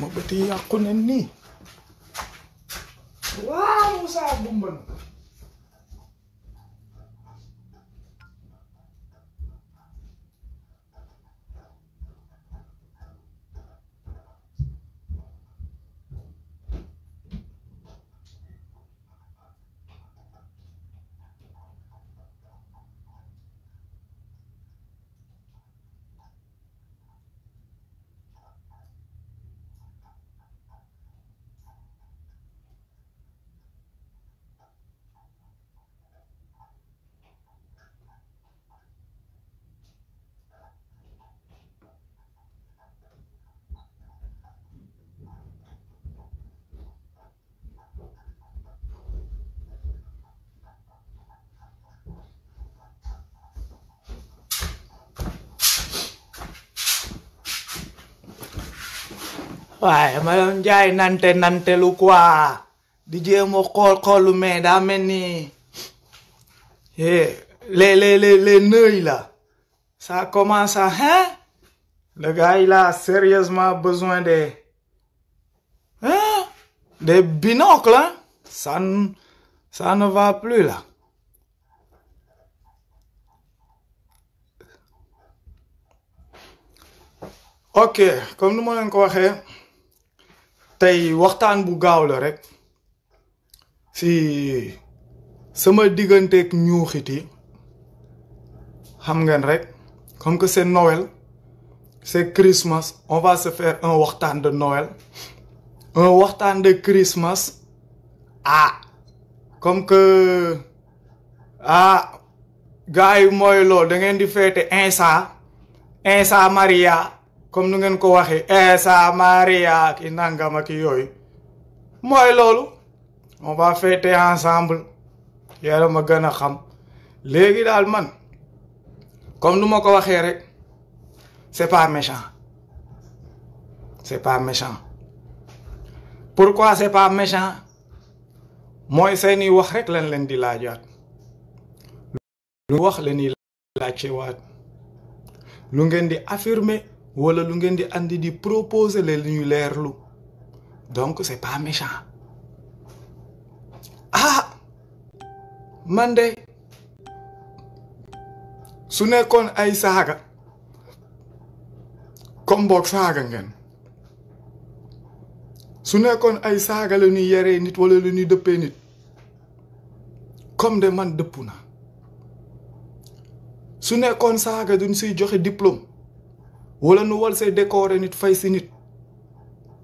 Mabuti ako na ni. Wow, sa bumbang. waaye doon nante nante lu quoi di jéem a xool mais daa mel eh, les les les les nœuds là ça commence à hein le gars il a sérieusement besoin de... Hein? des binocles hein? ça ça ne va plus là ok comme nous encore. Tay waxtaan bu gaaw la rek si sama ñu xiti xam ngeen rek comme que c'est noël c'est christmas on va se faire un waxtaan de noël un waxtaan de christmas ah comme que ah gaay moy lo difete da ngeen di insa insa maria comme nu ngeen ko waxe Esa eh, Maria ak nangam ak yooyu mooy loolu on va fêter ensemble yàlla ma gën a xam léegi daal man comme nu ma ko waxee rek c'est pas méchant c'est pas méchant pourquoi c'est pas méchant mooy seeni wax rek lan leen di laajaat lu wax la ni laajcewaat lu ngeen di affirmer wala lu ngeen andi di proposer le lu ñu leerlu donc c'est pas méchant ah man de su nekkoon ay comme boog saaga ngeen su nekkoon ay saaga la ñuy yaree nit wala la ñuy nit comme de man dëppu puna. su nekkoon saaga duñ diplôme wala nu war say décorer nit fay si nit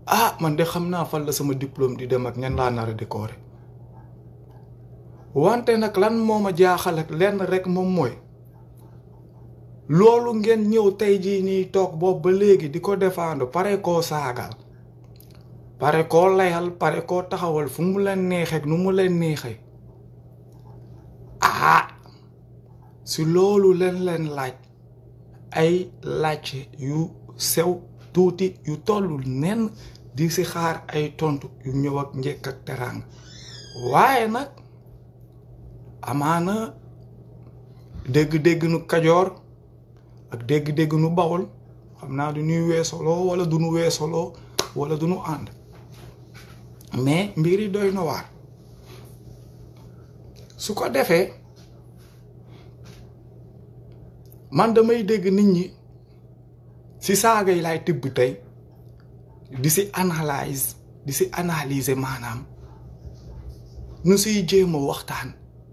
ah man de xam naa fan la sama diplôme di dem ak ñan laa nar a décorer wante nag lan moo ma jaaxal ak lenn rekk moom mooy loolu ngeen ñëw tey jii nii toog boobu ba léegi di ko défendre pare koo saagal pare koo layal pare koo taxawal fu mu leen neexee nu mu leen neexee ah si loolu leen leen laaj ay laajte yu sew tuuti yu tollul nen di si xaar ay tontu yu ñëw ak njëkk ak teraanga waaye nag amaana dégg-dégg nu kajoor ak dégg-dégg nu bawol xam naa du nuy weesoloo wala du ñu weesoloo wala du ñu ànd mais mbir yi doy na waar su ko defee. man damay dégg nit ñi ci saaga yi laay tibb tey di ci analyse di si analyser maanaam nu siy jéem a waxtaan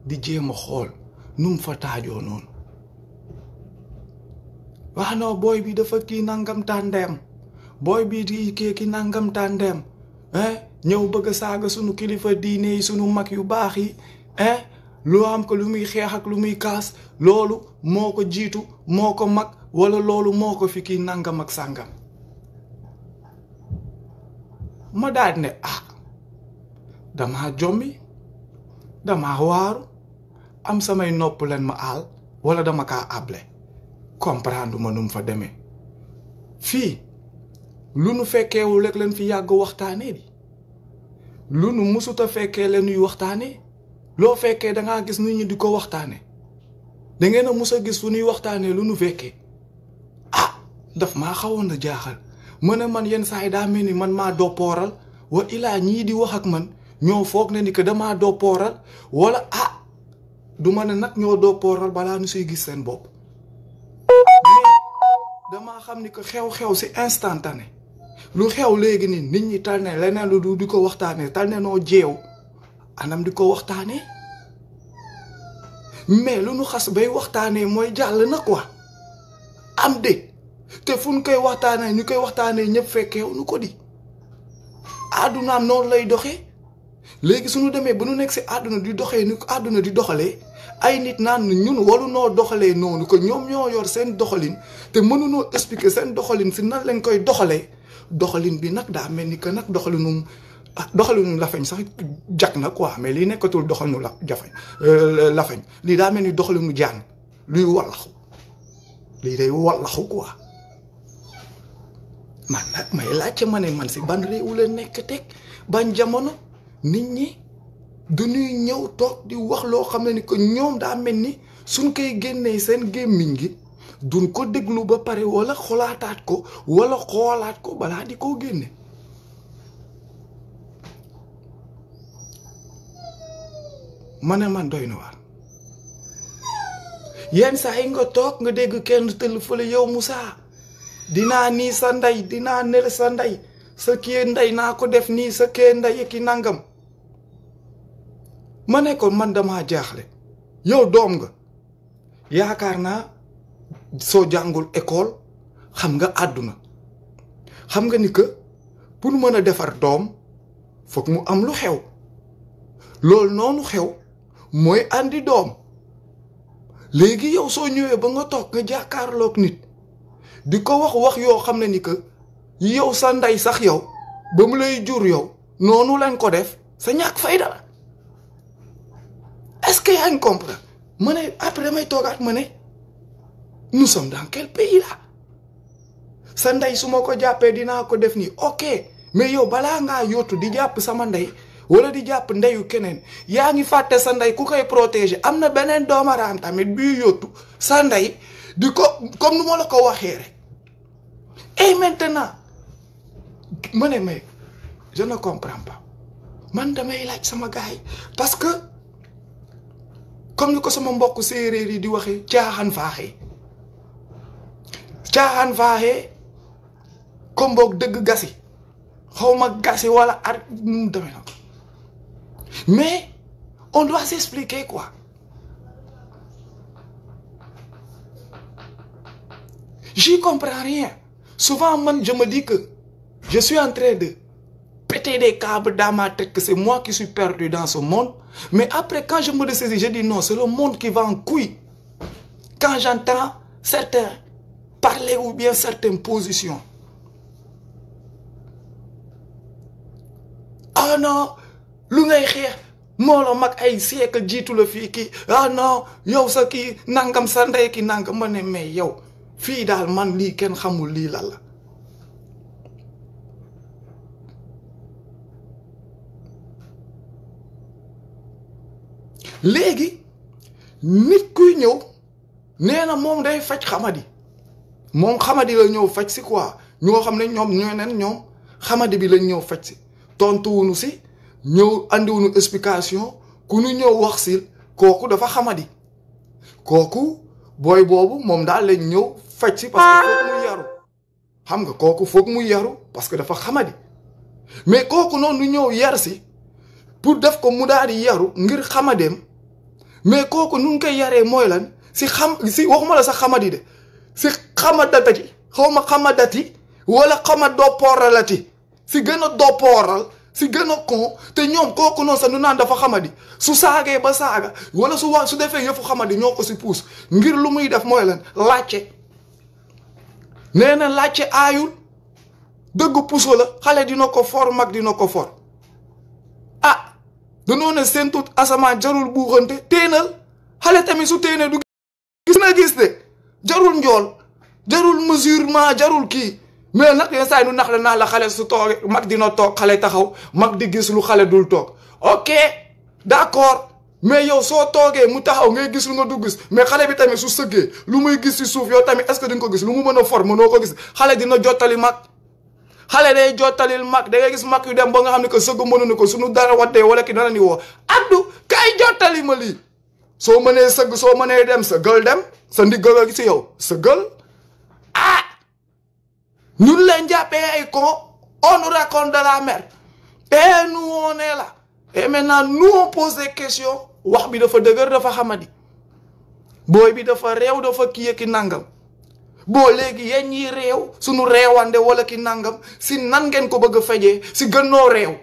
di jéem a xool nu mu fa taajoo noonu wax noo booy bi dafa kii nangam tàndeem booy bi di kii ki nangam tàndeem ñëw bëgg saaga sunu kilifa diine yi sunu mag yu baax yi loo xam ko lu muy xeex ak lu muy kaas loolu moo ko jiitu moo ko mag wala loolu moo ko fi kii nangam ak sàngam ma daal ne ah damaa jommi dama waaru am samay nopp leen ma aal wala dama kaa able comprendre ma fa deme fii lu nu fekkeewul rek leen fi yàgg waxtaanee di lu nu mësut a fekkee leen ñuy waxtaanee loo fekkee dangaa gis nit ñi di ko waxtaane dangeen a mus a gis su ñuy waxtaanee lu nu fekkee ah daf maa xawoon na jaaxal mën a man yenn saa yi daa ni man maa doppooral wa ilaa ñii di wax ak man ñoo foog ne ni que damaa doppooral wala ah du ne nag ñoo doppooral balaa ñu siy gis seen bopp damaa xam ni que xew-xew si instantane lu xew léegi ni nit ñi tal ne leneen lu du di ko waxtaanee tal ne noo jeew anam di ko waxtaanee mais lu nu xas bay waxtaanee mooy jàll nag quoi am de te fu ñu koy waxtaanee ñu koy waxtaanee ñëpp fekkeewu nu ko di àdduna noonu lay doxee léegi suñu demee ba nu nekk si àdduna di doxee ni ko àdduna di doxalee ay nit naan ñun waru noo doxalee noonu ko ñoom ñoo yor seen doxalin te mënunoo expliquer seen doxalin si nan lañ koy doxalee doxalin bi nag daa mel ni que nag doxalinum Ah, doxalinu lafañ sax jak na quoi mais nekatul doxal ñu la jafañ euh, lafañ meni da melni doxalu ñu jaan luy wallaxu li day wallaxu quoi man nak may la ci mané man ci ban réew la nekk tek ban jamono nit ñi du ñuy ñew tok di wax lo xamné ne ni ko ñom da melni suñ koy génné seen gémmiñ gi duñ ko déglu ba paré wala xolaataat ko wala xolaat ko bala di ko génné ma man doy na waar yenn saa yi nga toog nga dégg kenn tëll fële yow Moussa dinaa nii sa ndey dinaa nel sa ndey sa kii ndey naa ko def nii sa kii ndey ki nangam ma ne ko man dama jaaxle yow doom nga yaakaar naa soo jàngul ekool xam nga àdduna xam nga ni que pour mën a defar doom foog mu am lu xew loolu noonu xew mooy àndi doom léegi yow soo ñëwee ba nga toog nga jàkkaarlook nit di ko wax wax yoo xam ne ni que yow sa ndey sax yow ba mu lay jur yow noonu lañ ko def sa ñàkk fayda la est-ce que yaa ngi comprendre ma ne après may toogaat ma ne nu sommes dans quel pays là sa ndey su ma ko jàppee dinaa ko def nii ok mais yow balaa ngaa yóotu di jàpp sama ndey wala di japp ndeyu keneen yaangi ngi sa nday ku koy protéger amna benen beneen doomaraam tamit bi yottu sa nday di ko comme nu ma la ko waxee rek et eh, maintenant mané mé je ne comprends pas man damay laaj sama gaay paske, parce que comme niko sama mbokk séeréer yi di waxee tiaxan faaxé tiaxan faaxé comme boog deug gasi xawma gassi gasi wala ar mu na Mais on doit s'expliquer quoi. J'y comprends rien. Souvent, je me dis que je suis en train de péter des câbles dans ma tête, que c'est moi qui suis perdu dans ce monde. Mais après, quand je me ressaisis, je dis non, c'est le monde qui va en couille. Quand j'entends certains parler ou bien certaines positions. Oh non, lu ngay xeex moo la mag ay siècle jiitu la fii kii ah non yow sa kii nangam sa ndey ki nangam ma ne mais yow fii daal man lii kenn xamul lii lal la léegi nit kuy ñëw nee na moom day faj xamadi moom xamadi la ñëw faj si quoi ñoo xam ne ñoom ñoo neen ñoom xamadi bi lañ ñëw faj si tontuwunu si ñëw andiwuñu explication ku ñu ñëw wax si kooku dafa xamadi kooku booy boobu moom daal lañ ñëw faj si parce que ah. foog mu yaru xam nga kooku foog mu yaru parce que dafa xamadi mais kooku noonu ñu ñëw yar si pour def ko mu daal di yaru ngir xamadeem mais kooku nu ngi koy yaree mooy lan si xam si waxuma la sax xamadi de si xamadata ci xaw ma xamadati wala xama doppooral ati si gën a dopporal si gën a kon te ñoom kooku noonu sax nu naan dafa xamadi su saagee ba saaga wala su wa su defee yëfu xamadi ñoo ko si puus ngir lu muy def mooy la laajte nee na laajte aayul dëgg puso la xale dina ko for mag dina ko for ah danoo ne seen tut asamaan jarul buuxante téenal xale tamit su téene du gis na gis de jarul njool jarul mesurement jarul kii mais nag yenn saa yi nu nax la naa la xale su toog mag dina toog xale taxaw mag di gis lu xale dul toog ok d'accord mais yow soo toogee mu taxaw ngay gis lu nga du gis mais xale bi tamit su sëggee lu muy gis ci suuf yow tamit est que di ko gis lu mu mën a for mënoo ko gis xale dina jottali mag xale day jottalil mag da gis mag yu dem ba nga xam ne que sëgg mënuñu ko suñu dara waddee wala ki dana ni woo addu kay jottali ma lii soo mënee sëgg soo mënee dem sa gël dem sa ndiggal a ci yow sa gël ñun leen jàppee ay cons on nous raconte de la merde et nous on est là et maintenant nous on pose des questions wax bi dafa dëgër dafa xamadi booy bi dafa réew dafa qui ki nangam boo léegi yéen ñii réew suñu réewande wala ki nangam si nan ngeen ko bëgg fajé si gënnoo réew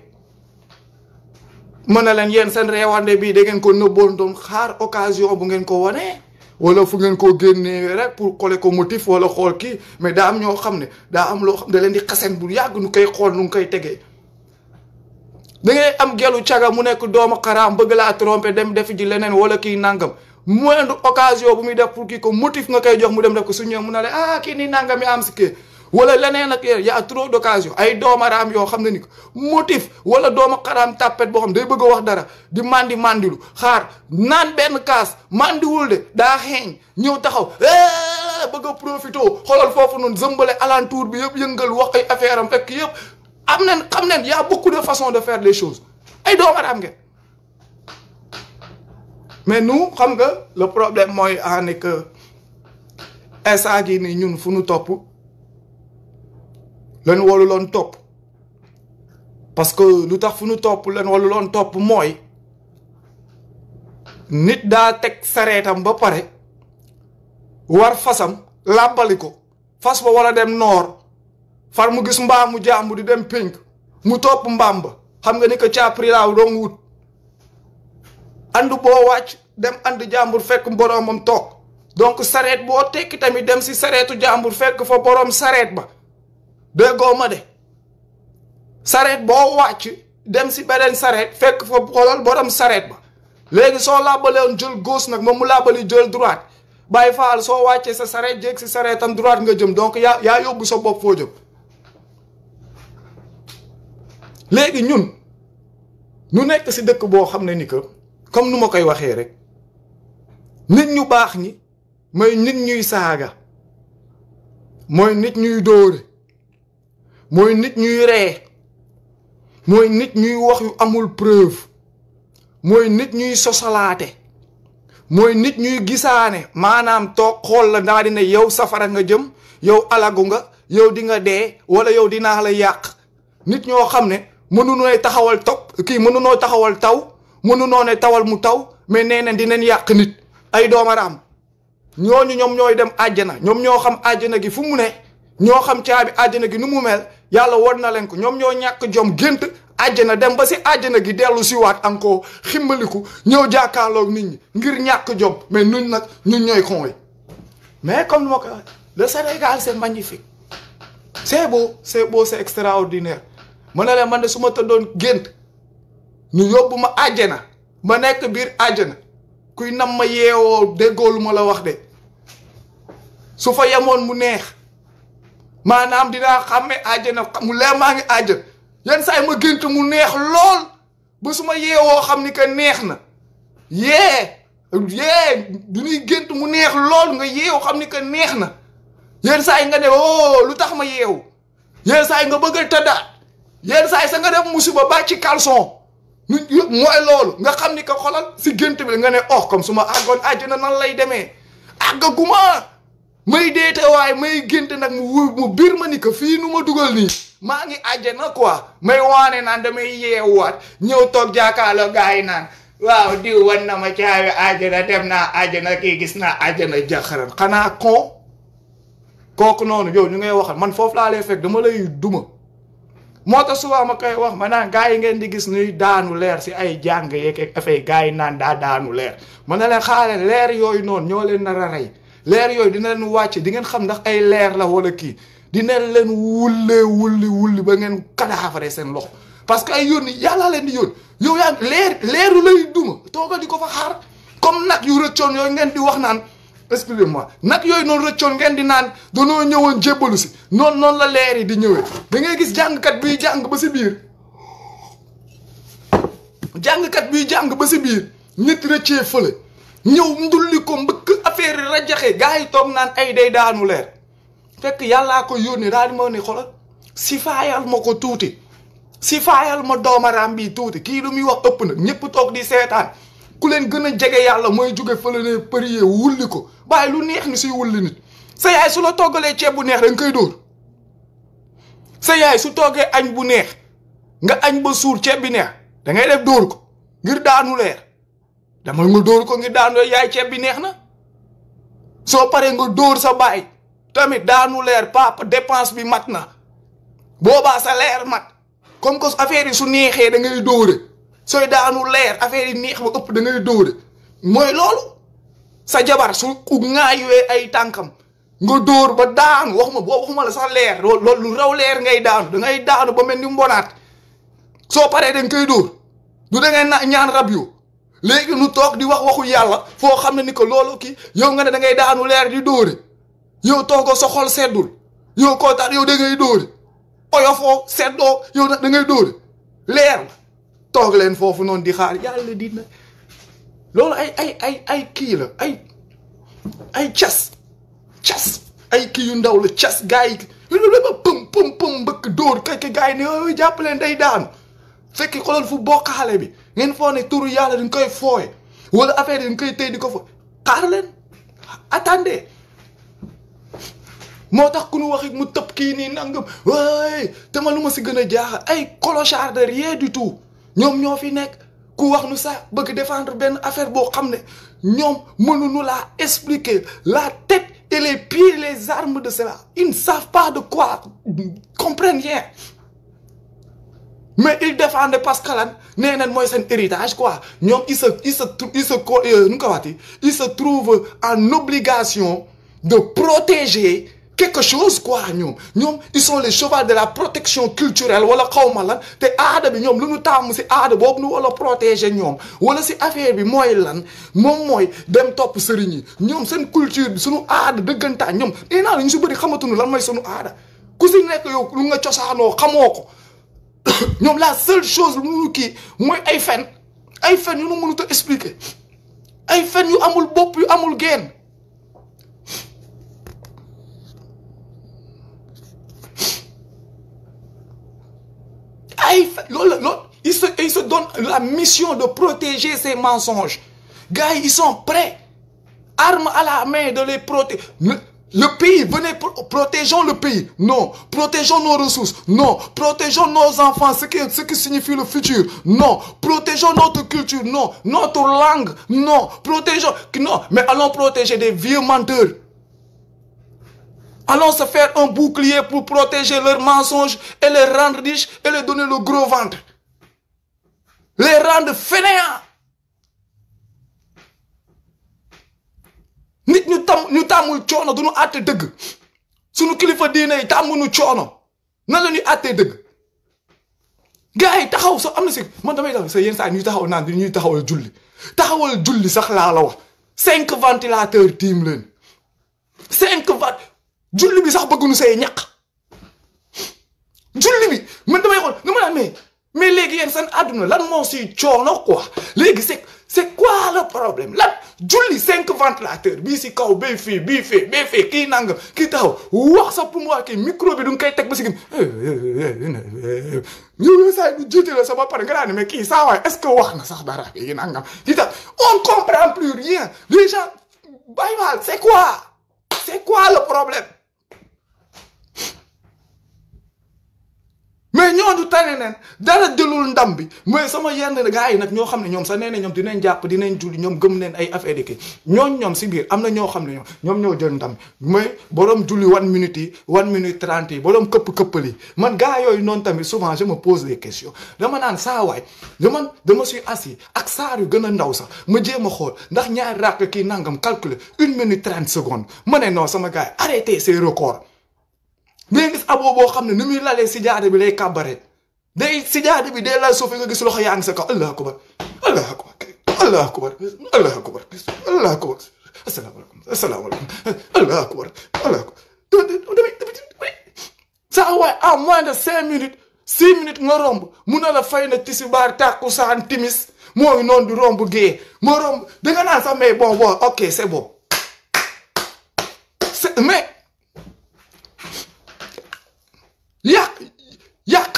mën na leen yéen seen réewande bii ngeen ko nëbboon doon xaar occasion bu ngeen ko woné wala fu ngeen koo génnee rek pour coller ko motif wala xool kii mais daa am ñoo xam ne daa am loo xam da leen di xasen bu yàgg nu koy xool nu ngi koy tegee da ngay am gelu caga mu nekk doomu xaraam bëgg laa tromper dem def ji leneen wala kii nangam mu moindre occasion bu muy def pour kii ko motif nga koy jox mu dem def ko su ñëwee mu ne la ah kii nii nangam yi am si kii wala leneen ak yeneen y a trop d'occasion ay doomaraam yoo xam ne ni ko motif wala doomu xaraam tàppet boo xam day bëgg wax dara di mandi mandilu xaar naan benn kaas mandiwul de daa xeeñ ñëw taxaw eh, bëgg a profité xoolal foofu noonu zëmbale alentour bi yëpp yëngal wax ay affaire am fekk yëpp am nañ xam nañ y a beaucoup de façons de faire les choses ay doomaraam ngeen mais nous xam nga le problème mooy ah, en est que instant ñun fu ñu topp leen walu loon topp parce que lu tax fu nu topp leen walu loon topp mooy nit daa teg sareetam ba pare war fasam làbbali ko fas ba war a dem noor far mu gis mbaam mu jàmbu di dem pénk mu topp mbaam ba xam nga ni ko caapri laaw wut andu boo wàcc dem and jàmbur fekk boroomam toog donc sareet boo tekki tamit dem si sareetu jàmbur fekk fa boroom sareet ba déggoo ma de sareet boo wàcc dem si beneen sareet fekk fa xoolal borom sareet ba léegi soo làbbalewoon jël gauche nag moom mu làbbali jël droite bàyyi faal soo wàccee sa sareet jéeg si sareetam droite nga jëm donc yaa yaa yóbbu sa bopp foo jëm léegi ñun ñu nekk si dëkk boo xam ne ni que comme nu ma koy waxee rek nit ñu baax ñi mooy nit ñuy saaga mooy nit ñuy dóore mooy nit ñuy ree mooy nit ñuy wax yu amul preuve mooy nit ñuy sosalaate mooy nit ñuy gisaane maanaam toog xool la daa dina yow safara nga jëm yow alagu nga yow di nga dee wala yow dinaa la yàq nit ñoo xam ne mënunoo taxawal topp kii mënunoo taxawal taw mënunoo ne tawal mu taw mais nee na dinañ yàq nit ay doomaraam ñooñu ñoom ñooy dem àjjana ñoom ñoo xam àjjana gi fu mu ne ñoo xam caabi àjjana gi nu mu mel yàlla won na leen ko ñoom ñoo ñàkk jom gént àjjana dem ba si àjjana gi dellu si waat encore ximbaliku ñëw jàkkaarloog nit ñi ngir ñàkk jom mais nuñ nag ñun ñooy con yi mais comme moo ko le Sénégal c'est magnifique ma ne man de su tëddoon gént ñu yóbbu ma àjjana ma nekk biir àjjana kuy nam ma yeewoo déggoo lu ma la wax de su fa yemoon mu neex maanaam dinaa xàmme àjjana mu leer maa ngi àjjana yeen say ma gént mu neex lool bu suma yéwo xamni xam neex na yee yee du ñuy gént mu neex lool nga yéwo xamni ni neex na yenn saay nga ne oh lu ma yeewu yeen say nga bëggal tada yeen say sa nga def musiba ba ci calçon ñu moy lool nga xamni ni xolal si gént bi nga ne oh comme suma agone àggoon àjjana nan lay demee guma may deete waaye may gént nag mu wóor mu biir ma ni que fii nu ma dugal nii maa ngi àjjana quoi may waane naan damay yeewuwaat ñëw toog jaakaarloo gars yi naan waaw diw wan na ma caabi àjjana dem naa àjjana kii gis naa àjjana jaxaran xanaa kon kooku noonu yow ñu ngay waxal man foofu laa lay fekk dama lay duma moo tax souvent ma koy wax ma naan gars yi ngeen di gis ñuy daanu leer si ay jàng yeeg ak affaire yi naan daa daanu leer ma ne leen xaale leer yooyu noonu ñoo leer yoy dina len wacc di ngeen xam ndax ay leer la wala ki dina len wulle wulli wulli ba ngeen kadaafare sen lox parce que ay yónni yalla len di yoon yow ya leer leeru lay duma tooga di ko fa xaar comme nak yu reccion yoy ngeen di wax nan excusez moi nak yoy non reccion ngeen di do no ñewon jébbalu si non non la leer yi di ñewé da ngay gis kat bi jang ba bir jang kat bi jang ba ci bir nit reccé feulé ñëw ndulli ko mbëkk affaire yi rajaxe gars yi toog naan ay day daanu leer fekk yàllaa ko yónni daal di ma ne xoolal si faayal ma ko tuuti si faayal ma doomaraam bii tuuti kii lu muy wax ëpp na ñëpp toog di seetaan ku leen gën a jege yàlla mooy jóge fële ne përier wulli ko bàyyi lu neex ni si wulli nit sa yaay su la toogalee ceeb bu neex da nga koy dóor sa yaay su toggee añ bu neex nga añ ba suur ceeb bi neex da ngay def dóor ko ngir daanu demal nga dóor ko ngir daanu yaay ceeb bi neex na soo paree nga dóor sa baay tamit daanu leer papa dépense bi mat na boobaa sa leer mat kom ko affaire yi su neexee da ngay dóore sooy daanu leer affaire yi neex ba ëpp da ngay dóore mooy loolu sa jabar su ku ŋaayuwee ay tànkam nga dóor ba daanu waxuma boo waxuma la sax leer lu raw leer ngay daanu dangay ngay daanu ba mel ni mbonaat soo paree da kay koy dóor du da ngay ñaan rab yo léegi nu toog di wax waxu yàlla foo xam ne ni ko loolu kii yow nga ne dangay ngay daanu leer di dóore yow toogoo sa xol seddul yow kontaan yow da ngay dóore seddoo yow nag da ngay dóore leer toog leen foofu noonu di xaar yàlla dina loolu ay ay ay ay kii la ay ay cas cas ay kii yu ndaw la cas gars yi loolu la pëm pëm pëm mbëkk dóor kay kay gars yi ne jàpp leen day daanu fekk xoolal fu bokkaale bi. ngeen foog ne turu yàlla dañ koy fooye wala affaire dañ koy tey di ko fooy xaar leen attendez moo tax ku nu wax mu tëb kii nii nangam waay te ma lu ma si gën a jaaxal ay clochard de rien du tout ñoom ñoo fi nekk ku wax nu sax bëgg défendre benn affaire boo xam ne ñoom mënuñu laa expliquer la tête et les pieds les armes de cela ils ne savent pas de quoi comprennent rien mais il défendait parce que lan nee nañ mooy héritage quoi ñoom il se il se il se euh, nous ko waxati il se trouve en obligation de protéger quelque chose quoi ñoom ñoom ils sont les chevaux de la protection culturelle wala xawma lan te aada bi ñoom lu ñu tàmm si aada boobu nu wala protéger ñoom wala si affaire bi mooy lan moom mooy dem topp sëriñ yi ñoom seen culture bi suñu aada dëggantaan ñoom nee naa la ñu si bëri xamatuñu lan mooy suñu aada ku si n'ek yo lu nga cosaanoo xamoo ko ñoom la seule chose qui est kii mooy Nous fen nous nous nous expliquer ay fen amul amul se donnent la mission de protéger ces mensonges gars ils sont prêts armes à la main de les protéger le pays, venez, protégeons le pays. Non. Protégeons nos ressources. Non. Protégeons nos enfants, ce qui, ce qui signifie le futur. Non. Protégeons notre culture. Non. Notre langue. Non. Protégeons. Non. Mais allons protéger des vieux menteurs. Allons se faire un bouclier pour protéger leurs mensonges et les rendre riches et les donner le gros ventre. Les rendre fainéants. nit ñu tam ñu tàmmul coono du ñu àtte dëgg suñu kilifa diine yi tàmmuñu coono nan la ñuy àttee dëgg gars taxaw sa am na si man damay tax sa yenn saa ñuy taxaw naan di ñuy taxawal julli taxawal julli sax laa la wax cinq ventilateur tiim leen cinq vent julli bi sax bëgguñu say ñaq julli bi mën damay xool nu ma naan mais mais léegi yéen seen àdduna lan moo si coono quoi léegi c'est c'est quoi le problème là Julie 5 ventilateurs, bi si kaw bay fii bii fee bay fee kii nangam kii taxaw wax sa pour moi que micro bi du nga tek ba si gim ñu say du jiite la sa nga ne mais ki saa waay est-ce que wax na sax dara kii nangam kii on comprend plus rien les gens bàyyi mal c'est quoi c'est quoi le problème mais ñooñu tane neen dara jëlul ndam bi mais sama yenn gars yi nag ñoo xam ne ñoom sax nee na ñoom dinañ jàpp dinañ julli ñoom gëm neen ay affaire yi ñooñ ñoom si biir am na ñoo xam ne ñoom ñoom ñoo jël ndam mais borom julli one minute yi one minute trente yi borom këpp-këppal yi man gars yooyu noonu tamit souvent je me pose des question dama naan saa waay dama suis assi ak saar yu gën a ndaw sax ma jéem a xool ndax ñaari ràkk kii nangam calculer une minute trente secondes ma ne non sama gars yi arrêtez ces ngay boo xam ne ni muy lalee sijaada bi lay kàbbare day bi day lal suuf nga gis loxo yaa ngi sa kaw allah akbar allah akbar allah akbar allah saa waay en moins de cinq minutes six minutes nga romb mun na la fay na tisbaar takkusaan timis moo ngi di romb gée moo romb da nga naan sax mais bon bon ok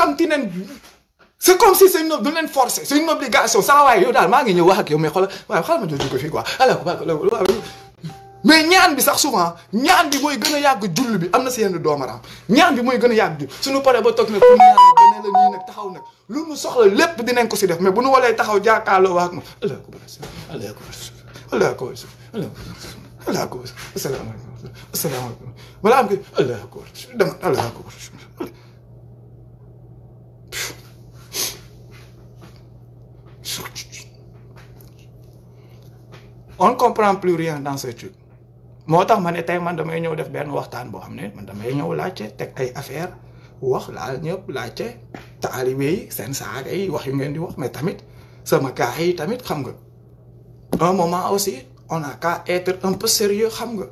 yàkkamti c'est comme si c'est une de leen forcer c'est une obligation saa waay yow daal maa ngi ñëw wax ak yow mais xol waaye xaaral ma jooju ko fi quoi alors mais ñaan bi sax souvent ñaan bi moy gëna yag yàgg bi amna seen si yenn ñaan bi moy gëna yag yàgg suñu paree ba tok nag pour ñaan nag beneen la nii nag taxaw nak lu mu soxla lepp dinañ ko si def mais bu ñu walé taxaw jàkkaarloo wax ak ma allah akbar allah akbar allah akbar allah akbar asalaamaaleykum asalaamaaleykum balaa am ko allah akbar dama allah akbar on ne comprend plus rien dans ce truc moo tax ma ne tey man damay ñëw def benn waxtaan boo xam ne man damay ñëw laajte teg ay affaire wax laal ñëpp laajte taalibe yi seen saaga yi wax yu ngeen di wax mais tamit sama gars yi tamit xam nga un moment aussi on a qu'à être un peu sérieux xam nga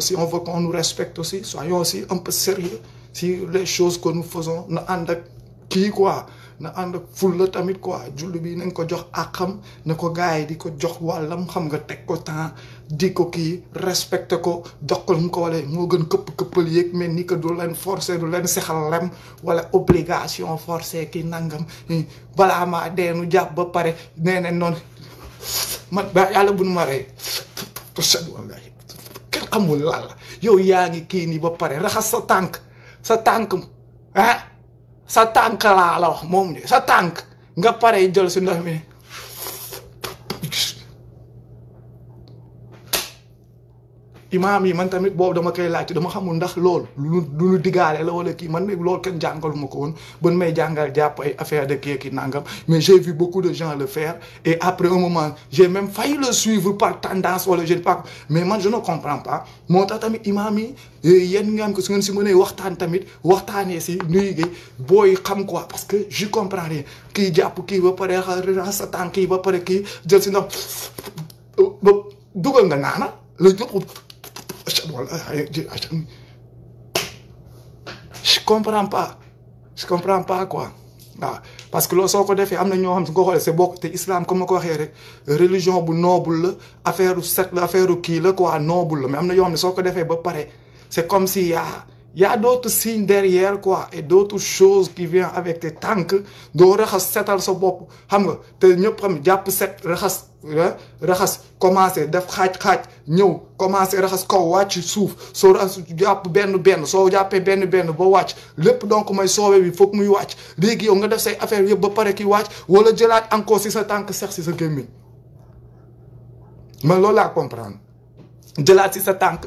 si on veut qu'on nous respecte aussi soyons aussi un sérieux si les chose que nous faisons na ànd ak kii quoi na ànd ak fulla tamit quoi julli bi nañ ko jox àqam na ko gars yi di ko jox wàllam xam nga teg ko temps di ko kii respecté ko jox ko mu ko wala moo gën këpp këppal yéeg mel ni que du leen forcé du leen sexal lem wala obligation forcé ki nangam eh, balaa maa dee nu jàpp ba pare nee ne noonu man ba yàlla bu nu ma rey kenn xamul lan la yow yaa ngi kii ni ba pare raxas sa tànk sa tànk ah. sa tànk laa la wax moom de sa tànk nga pare jël si ndox mi imaam yi man tamit boobu dama koy laajte dama xamul ndax lool lu lu ñu digaale la wala kii man nag loolu kenn jàngaluma ko woon ban may jàngal jàpp ay affaire de kii ki nangam mais j'ai vu beaucoup de gens le faire et après un moment j'ai même failli le suivre par tendance wala je ne pas mais man je ne comprends pas moo tax tamit imaam yi eh, yéen nga am ko su ngeen si mënee waxtaan tamit waxtaanee si nuyu gi booy xam quoi parce que je comprends rien kii jàpp kii ba pare xa sa tànk kii ba pare kii jël si ndox ba oh, oh, dugal nga naana la jox ashadu ashadu je comprends pas je comprends pas quoi waaw parce que loolu soo ko defee am na ñoo xam su nga xoolee c'est bokk te islam comme ma ko waxee rek religion bu noobul la affaire set la affaire kii la quoi noobul la mais am na yoo xam ne soo ko defee ba pare c'est comme si yaa Il y a d'autres signes derrière quoi et d'autres choses qui viennent avec tes tanks doo raxas setal sa bopp xam nga te ñëpp xam jàpp set raxas hein, raxas commencer def xaaj-xaaj ñëw commencer raxas ko wacc souf so raxas japp benn benn so jappé benn benn bo wacc lepp donc mooy soobe bi foog muy wacc léegi yow nga def say affaire yëpp ba paré ki wacc wala jëlaat encore si sa tank sex si sa gémmiñ man loolu laa comprendre jëlaat si sa tank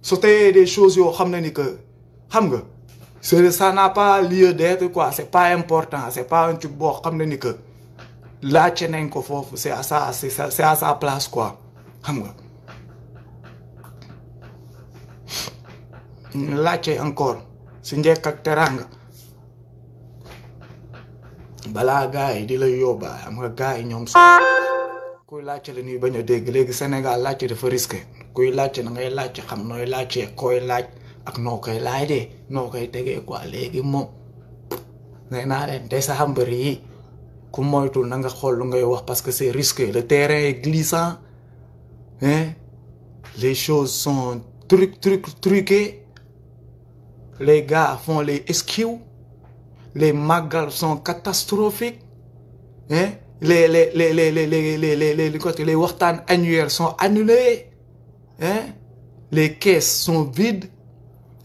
Sauter des choses yo, xam ni que xam nga c'est ça n'a pas lieu d'être quoi c'est pas important c'est pas un truc boo xam ni que laajte nañ ko fofu c'est à ça, c'est à sa place quoi xam nga laajte encore si ndek ak teranga balaa gars di la yoba am nga gars ñom ñoom su la ñuy baña a dégg sénégal Sénégal laajte dafa risqué kuy ngay parce que c'est risqué le terrain est glissant les choses sont truc truc truquées les gars font les esquives les magas sont catastrophiques les les annuels sont annulés Hein? les caisses sont vides,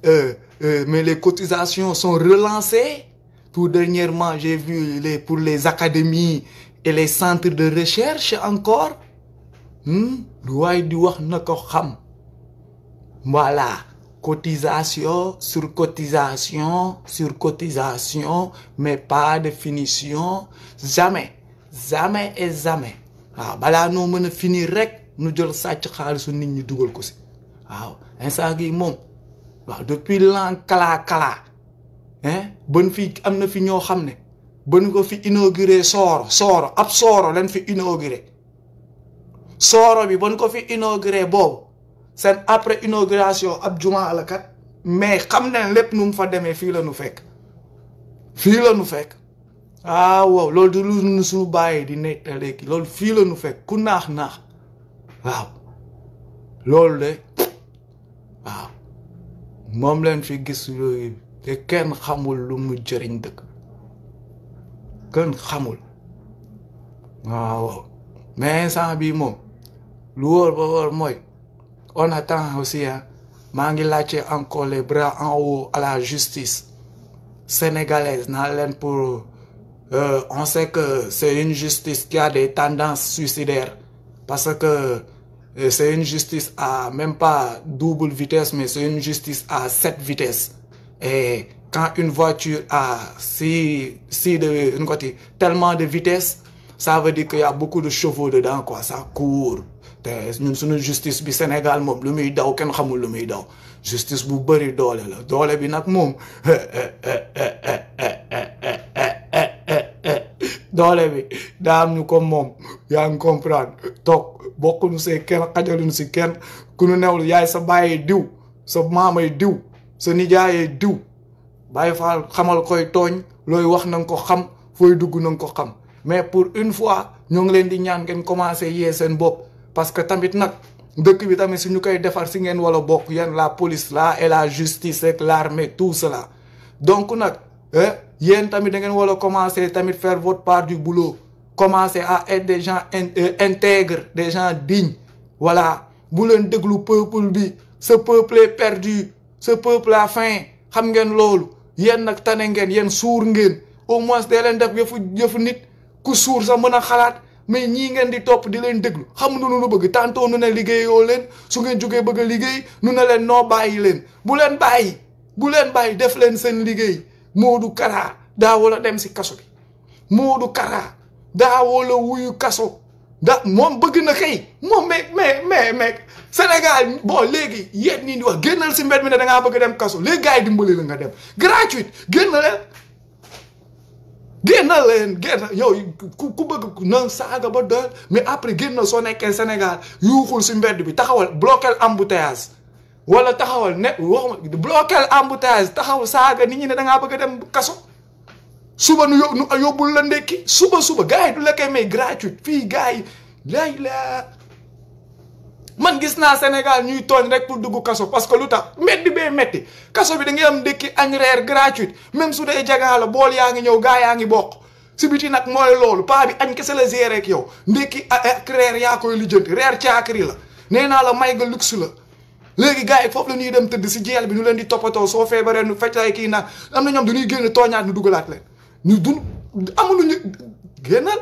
euh, euh, mais les cotisations sont relancées. Tout dernièrement, j'ai vu les, pour les académies et les centres de recherche encore. Hmm? Voilà, cotisation sur cotisation sur cotisation, mais pas de finition Jamais, jamais et jamais. Ah, nous, on finit nu jël sàcc xaalisu nit ñi dugal ko si waaw instant gi moom waaw depuis l'an kalaa kalaa hein ban fi am na fi ñoo xam ne ban ko fi inauguré sooro sooro ab sooro leen fi inauguré sooro bi ban ko fi inauguré boobu seen après inauguration ab jumaa la kat mais xam ne lépp nu mu fa demee fii la nu fekk fii nu fekk ah waaw loolu du lu nu di nekk léegi loolu fii la nu fekk ku naax naax waaw loolu de waaw moom leen fi gis yooyu te kenn xamul lu mu jëriñ dëkk kenn xamul waaw mais ça bii moom lu wóor ba wóor on attend aussi hein, maa ngi laajte encore les bras en haut à la justice sénégalaise pour euh, on sait que c'est une justice qui a des tendances suicidaires parce que c'est une justice à même pas double vitesse, mais c'est une justice à sept vitesses. Et quand une voiture a si, si de, une côté, tellement de vitesse, ça veut dire qu'il y a beaucoup de chevaux dedans, quoi. Ça court. sommes une justice bi Sénégal moom lu muy daw kenn xamul lu muy daw justice bu bëri doole la doole bi nag doole bi daa ñu ko moom yaa ngi comprendre toog bokkuñu see kenn xajaluñu si kenn ku nu newul yaay sa bàyyee diw sa maamay diw sa nijaayee diw bàyyi faal xamal koy tooñ looy wax na ko xam fooy dugg na ko xam mais pour une fois ñoo ngi leen di ñaan ngeen commencé yee seen bopp parce que tamit nag dëkk bi tamit ñu koy defar si ngeen wala bokk yan la police la et la justice ak l'armée tout cela donc nag Yen tamit da wala commencer tamit faire votre part du boulot commencer à être des gens euh, intègres des gens dignes voilà Boulen deglu peuple bi ce peuple est perdu ce peuple a faim xam ngeen loolu yéen nag tane ngeen yéen suur ngeen au moins de len def yëfu yëfu nit ku sour sa meuna a mais ñi ngeen di top di len deglu. xam nu nu bëgg tantôt nu ne liggéeyoo len. su ngeen jógee bëgg a liggéey nu ne len no bàyyi len. bu leen bàyyi bu leen bàyyi def len seen liggéey Modou Kara daawoo la dem si kaso bi Modou Kara la wuyu kaso da moom bëgg na kay moom mais mais mais mais Sénégal bon léegi yéen ñi di wax génnal si mbed mi ne da ngaa bëgg dem kaso léegi gars yi dimbali la nga dem gratuite génn leen génnal leen génn yow ku bëgg na saaga ba doyal mais après génn soo nekkee Sénégal yuuxul si mbedd bi taxawal bloquer embouteillage wala taxawal ne waxuma bloquel embouteillage taxaw saaga ni ñi ne da ngaa bëgg a dem kaso suba nu yó yóbbul la ndekki suba suba gars du la koy may gratuite fii gars yi lay la man gis naa Sénégal ñuy tooñ rek pour duggu kaso parce que lu tax métti bee métti kaso bi da ngay am ndekki añ reer gratuite même su dee jagaa la bool yaa ngi ñëw gaa yaa ngi bokk si biti nag mooy loolu paa bi añ kese la gérer ak yow ndekki ak reer yaa koy lijjanti reer caakiri la nee naa la may ga luxe la. léegi gars yi foofu la ñuy dem tëdd si jeel bi ñu leen di toppatoo soo feebaree nu fecc ay kii naan am na ñoom dañuy génn tooñaat ñu dugalaat leen ñu du amul ñu génnal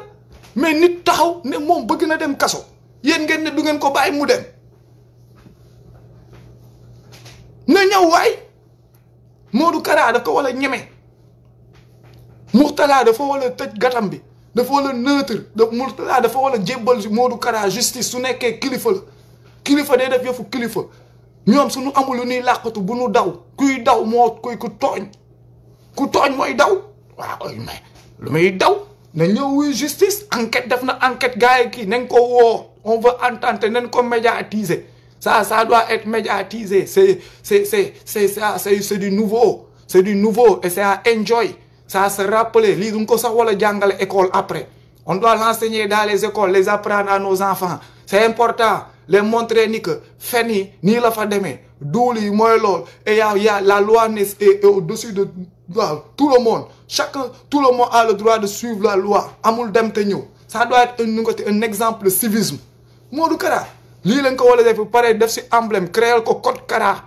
mais nit taxaw ne moom bëgg na dem kaso yéen ngeen ne du ngeen ko bàyyi mu dem na ñëw waay Modou Kara daf ko wala ñeme Mourtala dafa wala tëj gatam bi dafa wala neutre da dafa wala jébbal Modou Kara justice su nekkee kilifa la kilifa day def yëfu kilifa ñoom suñu amul lu ñuy bu ñu daw kuy daw mo kuy ku togn ku togn moy daw waaw mais lu daw na ñew justice enquête def na enquête gaay ki nañ ko wo on veut entendre nañ ko médiatiser ça ça doit être médiatisé c'est c'est c'est c'est ça c'est c'est du nouveau c'est du nouveau et c'est à enjoy ça se rappeler li duñ ko sax wala jàngale école après on doit l'enseigner dans les écoles les apprendre à nos enfants c'est important les montrer ni que Fanny, ni la fa demee duul et il y a la loi est au-dessus de tout le monde chacun tout le monde a le droit de suivre la loi amul dem ça doit être un exemple de civisme Modou Kara est lañ ko war def def emblème créer le code Kara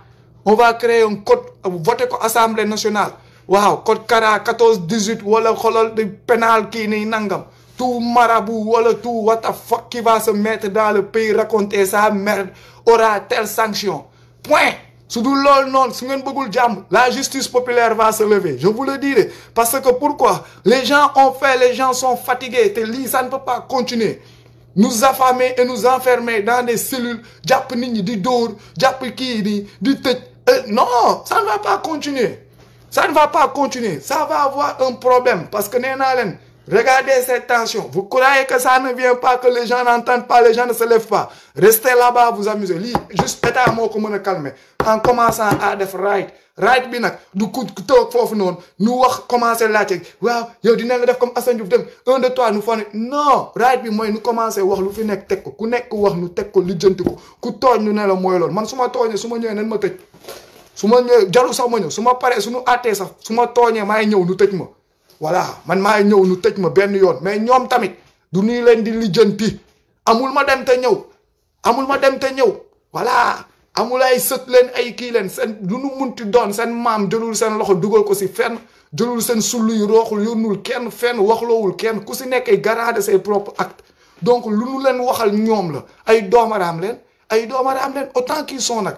on va créer un code voter ko assemblée nationale waaw code Kara 14 18 wala xolal de pénal kii ni nangam tout marabout le tout what the fuck qui va se mettre dans le pays raconter sa merde aura telle sanction point la justice populaire va se lever je vous le dirai parce que pourquoi les gens ont fait les gens sont fatigués et ça ne peut pas continuer nous affamer et nous enfermer dans des cellules jàpp nit di euh, non ça ne va pas continuer ça ne va pas continuer ça va avoir un problème parce que nee Regardez cette tension. Vous croyez que ça ne vient pas, que les gens n'entendent pas, les gens ne se lèvent pas. Restez là-bas, vous amusez. Juste juste à mot comme on calme. En commençant à faire right. Right bi du coup ça » non nous wax commencer la Wow, waaw yow dina comme Assane dem Un de toi nous non right bi moy nu commencer wax lu fi nek tek ko ku nek wax nu nous ko à ku Nous ne la moy l'or. man suma suma ñëw nañ ma faire suma ñëw jaru sax ma ñëw suma paré suñu ça. sax suma ñëw nu ma voilà man maay ñëw ñu tëj ma benn yoon mais ñoom tamit du ñuy leen di lijan lijjanti amul ma demte te ñëw amul ma dem te ñëw voilà amul ay sët leen ay kii leen seen lu nu munti doon seen maam jëlul seen loxo dugal ko si fenn jëlul seen sull yu rooxul yónnul kenn fenn waxloowul kenn ku si nekk ay garant de ses donc lu nu leen waxal ñoom la ay doomaraam leen ay doomaraam leen autant qu'ils sont nag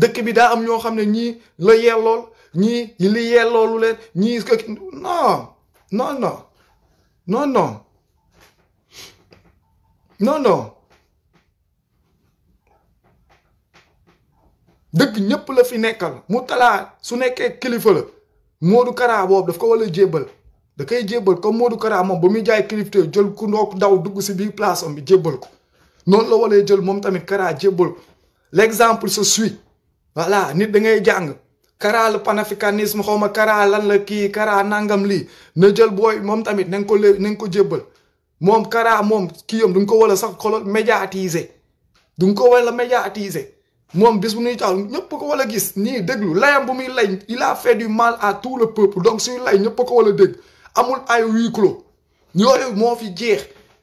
dëkk bi daa am ñoo xam ne ñii la yellool ñii li yelloolu leen ñii non non non non non non non dëgg ñépp la fi nekkal mu talaa su nekkee kilifa la Modou Kara boobu daf ko wala jébbal da koy jébbal comme Modou Kara moom ba muy jaay kilifte jël ku ndoog daw dugg si biir place bi jébbal ko noonu la walee jël moom tamit Kara jébbal ko l'exemple se voilà nit da ngay jàng Kara le panafricanisme xaw ma Kara lan la kii Kara nangam lii na jël booy moom tamit na nga ko na nga ko jébbal moom Kara moom kii yam du nga ko wala sax xolol médiatiser du nga ko wala médiatiser moom bis bu nuy taal ñëpp ko wala gis nii déglu layam bu muy lay il a fait du mal à tout le peuple donc suñu lay ñëpp ko wala dégg amul ay huis clos yooyu moo fi jeex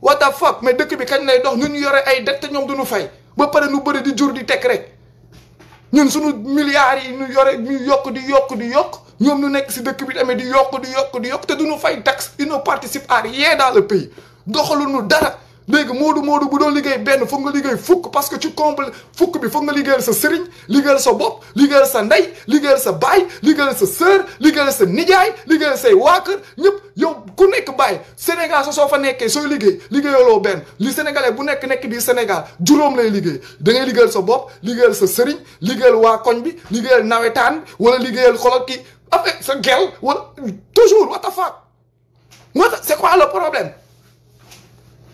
what the fuck mais dëkk bi kañ lay dox ñu yore ay te ñoom duñu fay ba pare nu bëri di jur di teg rek ñun suñu milliards yi ñu yore ñu yokk di yokk di yokk ñoom ñu nekk si dëkk bi tamit di yokk di yokk di yokk te duñu fay taxe ils ne participent à rien dans le pays doxaluñu dara léegi moodu moodu bu doon liggéey benn parce que tu comble fukk bi foog nga liggéeyal sa sëriñ liggéeyal sa bopp liggéeyal sa ndey liggéeyal sa baay liggéeyal sa sœur liggéeyal sa nijaay liggéeyal say waa ñëpp yow ku nekk Sénégal sa soo fa nekkee sooy liggéey liggéeyaloo benn li sénégalais bu nekk nekk di Sénégal juróom lay liggéey da ngay liggéeyal sa bopp liggéeyal sa sëriñ liggéeyal waa koñ bi liggéeyal nawetaan bi wala liggéeyal ki sa toujours what the fuck what c'est quoi le problème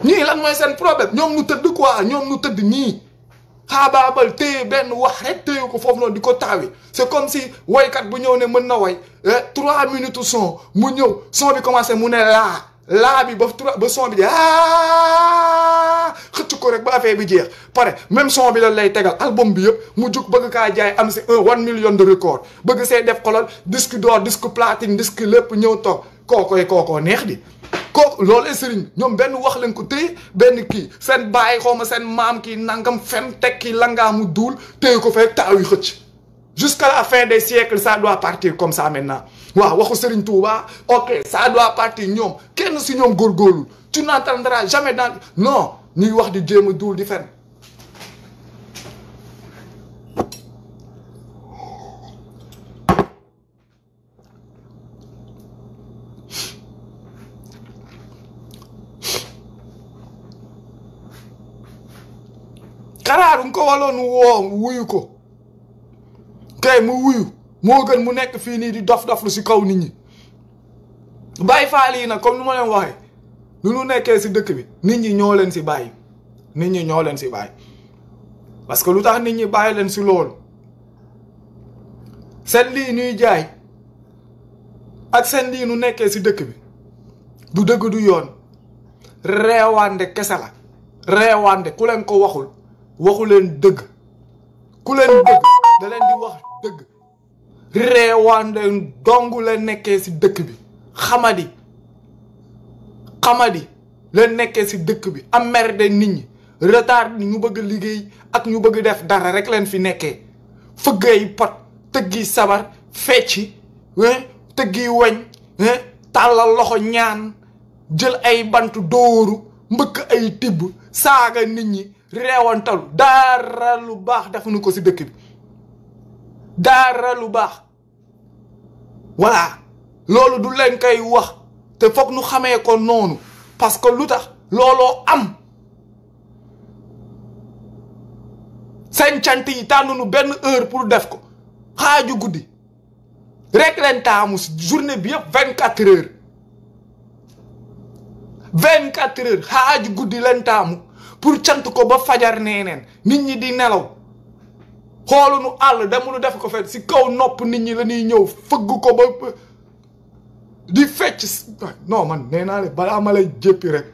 ñii lan mooy seen problème ñoom ñu tëdd quoi ñoom ñu tëdd ñii xaabaabal téye benn wax rek téye ko foofu noonu di ko taawi c'est comme si woykat bu ñëw ne mën na woy eh, trois minutes son mu ñëw son bi commencé mu ne laa laa bi ba trois ba son bi jeex xëcc ko rek ba affaire bi jeex pare même son bi la lay tegal album bi yëpp mu jug bëgg kaa jaay am si un one million de record bëgg see def xolal disque d'or disque platine disque lépp ñëw toog kookooy kookoo neex di ko loolee sëriñ ñoom benn wax lañ ko tey benn ki sen bàyyi xoma sen mam ki kii nangam fem teg kii langaamu dul tey ko fekk taaw xëc jusqu'à la fin des siècles ça doit partir comme ça maintenant Wa, waxu Serigne Touba ok ça doit partir ñom kenn si ñoom góorgóorlu tu n'entendras jamais dans non ñuy wax di jëm dul di fen xanaa ko waloon woo wuyu ko kay mu wuyu moo gën mu nekk fii nii di dof-doflu si kaw nit ñi bàyyi faal yi na comme nu ma leen waxee nu nekkee si dëkk bi nit ñi ñoo leen si bàyyi nit ñi ñoo leen si bàyyi que lu tax nit ñi bàyyi leen si loolu seen lii ñuy jaay ak seen lii nu nekkee si dëkk bi du dëgg du yoon reewaande kese la reewaande ku leen ko waxul waxu leen dëgg ku leen dëgg da di wax dëgg reewaande dong la nekkee ci dëkk bi xamadi xamadi la nekkee ci dëkk bi emmerde nit ñi retard ñu bëgg liggéey ak ñu bëgg def dara rekk leen fi nekkee fëggay pot tëggi sabar fecc tëggi weñ tàllal loxo ñaan jël ay bant dóoru mbëkk ay tibb saaga nit ñi reewantalu dara lu baax defuñu ko si dëkk bi dara lu baax voilà loolu du leen koy wax te foog nu xamee ko noonu parce que lu tax looloo am seen cant yi tànnuñu benn heure pour def ko xaaju guddi rek leen taamu journée bi yëpp vingt quatre heures vingt quatre heures xaaju guddi leen taamu pour cant ko ba fajar neeneen nit ñi di nelaw xoolunu àll demunu def ko fet si kaw nopp nit ñi la ñuy ñëw fëgg ko ba di fecc non man nee naa ne balaa rek